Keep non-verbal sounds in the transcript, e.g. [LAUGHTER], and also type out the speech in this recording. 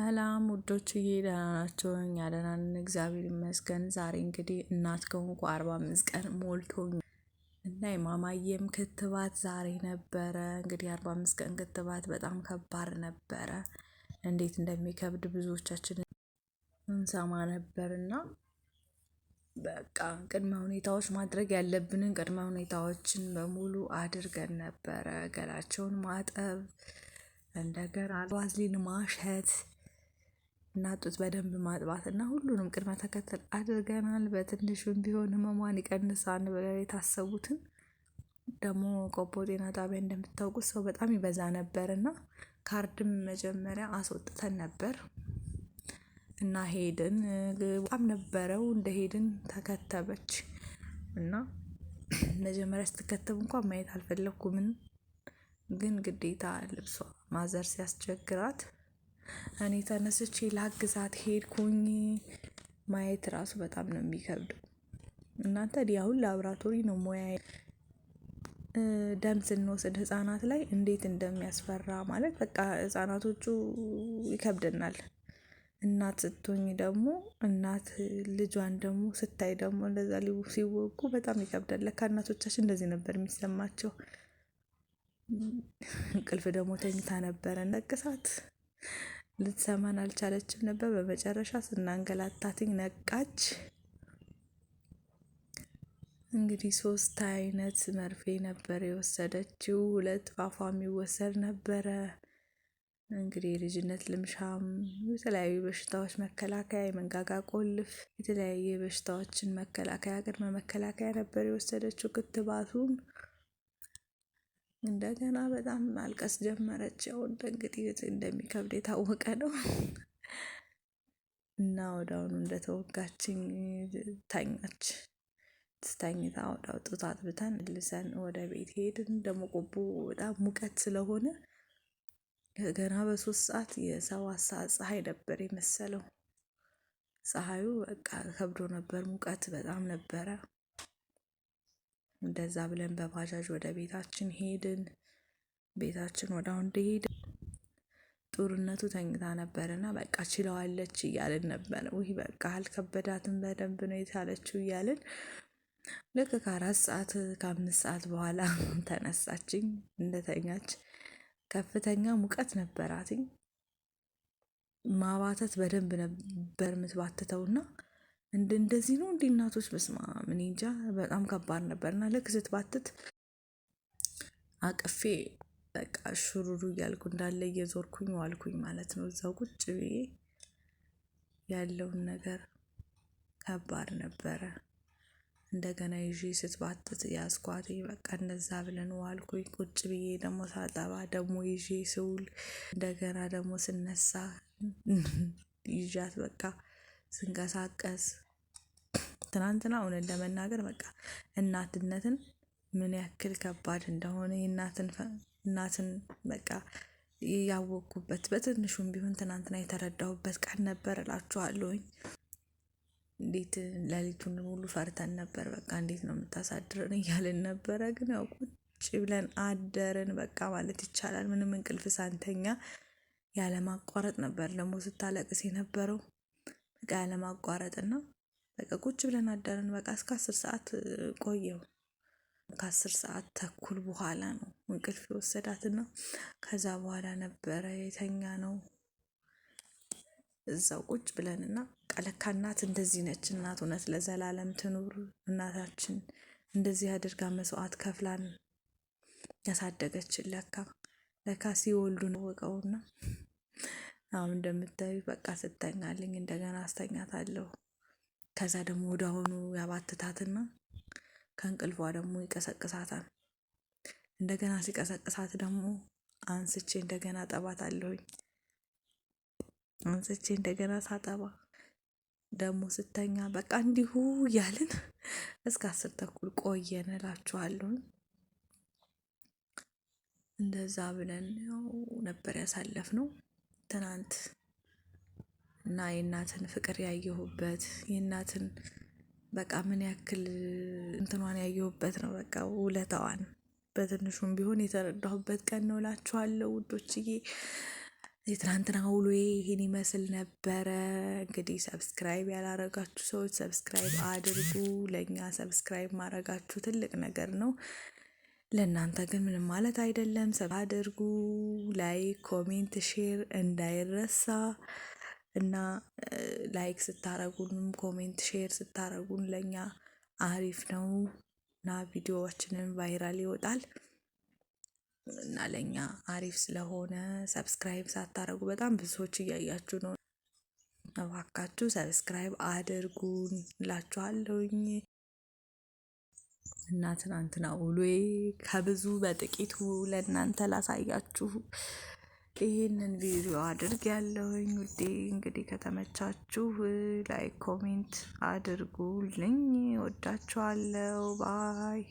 ሰላም ውዶችዬ ደህና ናቸው? እኛ ደህና ነን፣ እግዚአብሔር ይመስገን። ዛሬ እንግዲህ እናት ከሆንኩ አርባ አምስት ቀን ሞልቶኝ እና የማማየም ክትባት ዛሬ ነበረ። እንግዲህ አርባ አምስት ቀን ክትባት በጣም ከባድ ነበረ። እንዴት እንደሚከብድ ብዙዎቻችን እንሰማ ነበር እና በቃ ቅድመ ሁኔታዎች ማድረግ ያለብንን ቅድመ ሁኔታዎችን በሙሉ አድርገን ነበረ። ገላቸውን ማጠብ እንደገና ቫዝሊን ማሸት እና ጡት በደንብ ማጥባት እና ሁሉንም ቅድመ ተከተል አድርገናል። በትንሹም ቢሆን ህመሟን ይቀንሳል ብለው የታሰቡትን ደግሞ ቆቦ ጤና ጣቢያ እንደምታውቁት ሰው በጣም ይበዛ ነበር እና ካርድም መጀመሪያ አስወጥተን ነበር እና ሄድን። በጣም ነበረው እንደ ሄድን ተከተበች እና መጀመሪያ ስትከተብ እንኳን ማየት አልፈለግኩምን፣ ግን ግዴታ ልብሷ ማዘር ሲያስቸግራት እኔ ተነስቼ ላግዛት ሄድኩኝ። ማየት ራሱ በጣም ነው የሚከብደው። እናንተ ያሁን ላብራቶሪ ነው ሙያ ደም ስንወስድ ህጻናት ላይ እንዴት እንደሚያስፈራ ማለት በቃ ህጻናቶቹ ይከብደናል። እናት ስትሆኝ ደግሞ እናት ልጇን ደግሞ ስታይ ደግሞ እንደዛ ሊ ሲወጉ በጣም ይከብዳል። ለካ እናቶቻችን እንደዚህ ነበር የሚሰማቸው። እንቅልፍ ደግሞ ተኝታ ነበረ ነቅሳት ልትሰማን አልቻለችም ነበር። በመጨረሻ ስናንገላታትኝ ነቃች። እንግዲህ ሶስት አይነት መርፌ ነበር የወሰደችው። ሁለት ፏፏ የሚወሰድ ነበረ። እንግዲህ የልጅነት ልምሻም፣ የተለያዩ በሽታዎች መከላከያ፣ የመንጋጋ ቆልፍ፣ የተለያየ በሽታዎችን መከላከያ ቅድመ መከላከያ ነበር የወሰደችው ክትባቱን እንደገና በጣም ማልቀስ ጀመረች። ያው እንግዲህ እንደሚከብድ የታወቀ ነው እና ወዳውኑ እንደተወጋችኝ ተኛች። ስተኝታ ወዳው ጡት አጥብተን ልሰን ወደ ቤት ሄድን። ደግሞ ቆቦ በጣም ሙቀት ስለሆነ ገና በሶስት ሰዓት የሰባት ሰዓት ፀሐይ ነበር የመሰለው። ፀሐዩ በቃ ከብዶ ነበር፣ ሙቀት በጣም ነበረ። እንደዛ ብለን በባጃጅ ወደ ቤታችን ሄድን። ቤታችን ወደ አሁን እንደሄድ ጦርነቱ ተኝታ ነበረና በቃ ችለዋለች እያልን ነበር። ውይ በቃ አልከበዳትም በደንብ ነው የቻለችው እያልን ልክ ከአራት ሰዓት ከአምስት ሰዓት በኋላ [LAUGHS] ተነሳችኝ። እንደተኛች ከፍተኛ ሙቀት ነበራትኝ። ማባተት በደንብ ነበር የምትባትተውና እንደዚህ ነው እንዲ እናቶች በስማ ምን እንጃ በጣም ከባድ ነበር። እና ልክ ስትባትት አቅፌ በቃ ሹሩሩ እያልኩ እንዳለ እየዞርኩኝ ዋልኩኝ ማለት ነው። እዛው ቁጭ ብዬ ያለውን ነገር ከባድ ነበረ። እንደገና ይዤ ስትባትት ያስኳት በቃ እንደዛ ብለን ዋልኩኝ። ቁጭ ብዬ ደግሞ ሳጠባ ደግሞ ይዤ ስውል እንደገና ደግሞ ስነሳ ይዣት በቃ ስንቀሳቀስ ትናንትና እውነት ለመናገር በቃ እናትነትን ምን ያክል ከባድ እንደሆነ እናትን በቃ ያወቅኩበት በትንሹም ቢሆን ትናንትና የተረዳሁበት ቀን ነበር እላችኋለሁኝ። እንዴት ሌሊቱን ሙሉ ፈርተን ነበር። በቃ እንዴት ነው የምታሳድረን እያልን ነበረ። ግን ያው ቁጭ ብለን አደርን በቃ ማለት ይቻላል። ምንም እንቅልፍ ሳንተኛ ያለማቋረጥ ነበር ደግሞ ስታለቅስ የነበረው። በቃ ያለማቋረጥና በቃ ቁጭ ብለን አደርን። በቃ እስከ አስር ሰዓት ቆየው። ከአስር ሰዓት ተኩል በኋላ ነው እንቅልፍ የወሰዳትና ከዛ በኋላ ነበረ የተኛ ነው እዛው ቁጭ ብለንና ቀለካ እናት እንደዚህ ነች። እናት እውነት ለዘላለም ትኑር እናታችን እንደዚህ አድርጋ መስዋዕት ከፍላን ያሳደገችን ለካ ለካ ሲወልዱ ነው ወቀውና አሁን እንደምታዩ በቃ ስተኛልኝ እንደገና አስተኛታለሁ። ከዛ ደግሞ ወደ አሁኑ ያባትታትና ከእንቅልፏ ደግሞ ይቀሰቅሳታል። እንደገና ሲቀሰቅሳት ደግሞ አንስቼ እንደገና አለሁኝ። አንስቼ እንደገና ሳጠባ ደግሞ ስተኛ በቃ እንዲሁ እያልን እስከ አስር ተኩል ቆየን እላችኋለሁኝ። እንደዛ ብለን ያው ነበር ነው። ትናንት እና የእናትን ፍቅር ያየሁበት የእናትን በቃ ምን ያክል እንትኗን ያየሁበት ነው። በቃ ውለታዋን በትንሹም ቢሆን የተረዳሁበት ቀን ነው እላችኋለሁ ውዶችዬ። የትናንትና ውሎዬ ይህን ይመስል ነበረ። እንግዲህ ሰብስክራይብ ያላረጋችሁ ሰዎች ሰብስክራይብ አድርጉ። ለእኛ ሰብስክራይብ ማድረጋችሁ ትልቅ ነገር ነው። ለእናንተ ግን ምንም ማለት አይደለም። ሰብ አድርጉ፣ ላይክ፣ ኮሜንት፣ ሼር እንዳይረሳ እና ላይክ ስታረጉንም ኮሜንት ሼር ስታረጉን ለእኛ አሪፍ ነው እና ቪዲዮዎችንም ቫይራል ይወጣል እና ለእኛ አሪፍ ስለሆነ ሰብስክራይብ ሳታረጉ በጣም ብዙዎች እያያችሁ ነው። እባካችሁ ሰብስክራይብ አድርጉን እላችኋለሁኝ። እና ትናንትና ውሎዬ ከብዙ በጥቂቱ ለእናንተ ላሳያችሁ ይህንን ቪዲዮ አድርግ ያለሁኝ ውዴ። እንግዲህ ከተመቻችሁ ላይክ ኮሜንት አድርጉልኝ። ወዳችኋለው። ባይ